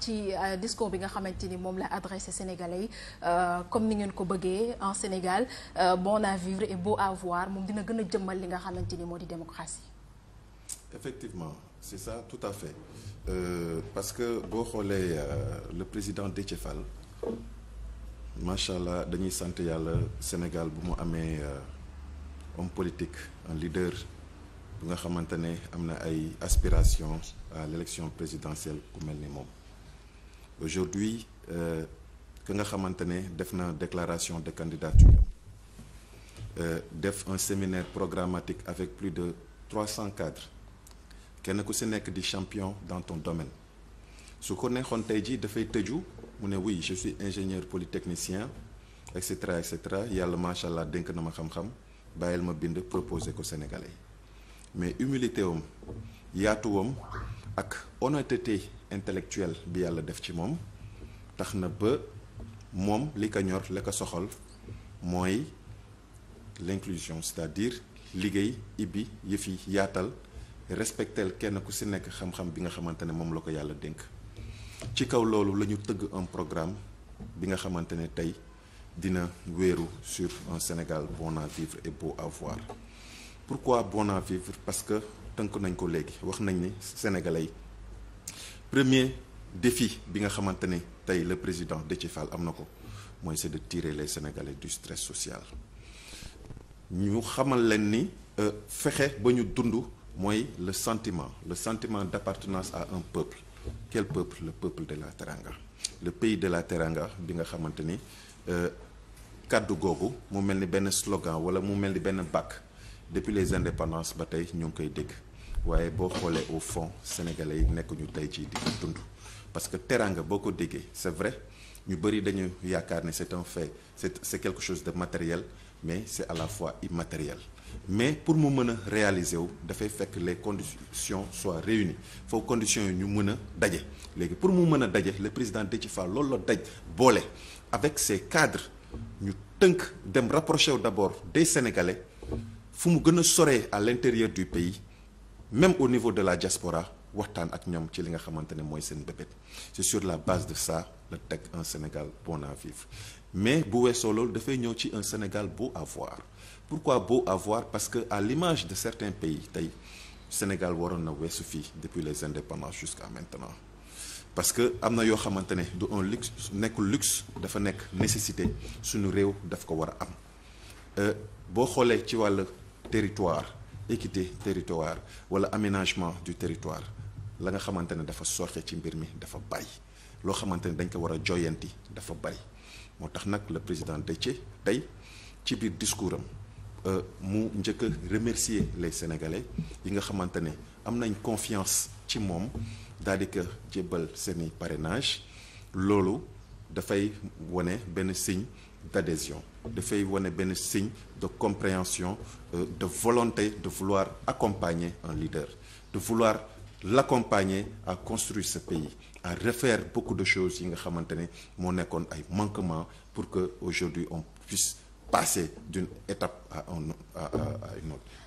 ci euh, discours bi nga xamante ni moom la adressé Sénégalais yi euh, comme ni ngeen ko bëggee en Sénégal euh, bon à vivre et beau à moom dina gën a jëmmal li nga xamante ni moo di démocratie. effectivement c'est ça tout à fait euh, parce que boo xoolee le président Déthié Fall macha allah dañuy sant yàlla Sénégal bu mu amee homme politique un leader. bu nga xamante ne am na ay aspirations à l'élection présidentielle ku mel ni moom aujourd'hui euh, ka nga xamante ne def na déclaration de candidature euh, def un séminaire programmatique avec plus de trois cent cadre kenn ku si nekk di champion dans ton domaine su ko neexoon tey jii dafay tëju mu ne oui je suis ingénieur polytechnicien et cetera et cetera yàlla macha allah dénk na ma xam-xam bàyyil ma bind proposer ko Sénégalais mais humilité wam ak honnêteté intellectuel bi yàlla def ci moom tax na ba moom li ko ñor la ko soxal mooy l'inclusion cest à liggéey ibbi yëf yi yaatal respectel kenn ku si nekk xam-xam bi nga xamante ne moom la ko yàlla dénk ci kaw loolu lañu tëgg un programme bi nga xamante ne tey dina wéeru sur un Sénégal bon à vivre et beau à pourquoi bon à vivre parce que tënk nañ ko léegi wax nañ ni sénégalais yi premier défi bi nga xamante ne tey le président Déthié Fall am na ko mooy c'est de tirer les sénégalais du stress social ñu xamal leen ni euh, fexe ba ñu dund mooy le sentiment le sentiment d'appartenance à un peuple quel peuple le peuple de la Teranga le pays de la Teranga bi nga xamante ni euh, kàddu googu mu mel ni benn slogan wala mu mel ni benn bàkk depuis les indépendances ba tey ñoo ngi koy dégg waaye boo xoolee au fond sénégalais yi nekk ñu tey ci di tund parce que teraanga boo ko déggee c'est vrai ñu bëri dañu yaakaar ne c'est un fait c'est c'est quelque chose de matériel mais c'est à la fois immatériel mais pour mu mën a réaliser wu dafay fekk les conditions soient réuni foofu conditions yi ñu mën a daje léegi pour mu mën a daje le président Déthié Fall loolu la daj boole avec ses cadres ñu tënk dem rapproché wu d'abord des Sénégalais fu mu gën a soree à l'intérieur du pays même au niveau de la diaspora waxtaan ak ñoom ci li nga xamante ne mooy seen bébét c'est sur la base de ça la teg un Sénégal bon à vivre mais bu weesoo loolu dafay ñëw ci un Sénégal beau à voir pourquoi beau à voir parce que à l'image de certains pays tey Sénégal waroon na weesu fii depuis les indépendances jusqu'à maintenant parce que am na yoo xamante ne du un luxe nekkul luxe dafa nekk nécessité suñu réew daf ko war a am euh, boo xoolee ci wàll territoire équité territoire wala aménagement du territoire la nga xamante ne dafa sorte ci mbir mi dafa bari loo xamante ne dañ ko war a joyanti dafa bari moo tax nag le président Déthié tey ci biir discours am euh, mu njëkk a remercier les sénégalais yi nga xamante ne am nañ confiance ci moom daal di ko jébbal seeni parrainage loolu dafay wane benn sign d'adhésion dafay wane benn signe de compréhension euh, de volonté de vouloir accompagner un leader de vouloir l'accompagner à construire ce pays à refaire beaucoup de choses yi nga xamante ne moo nekkoon ay manquements pour que aujourd'hui on puisse passer d'une étape à, un, à,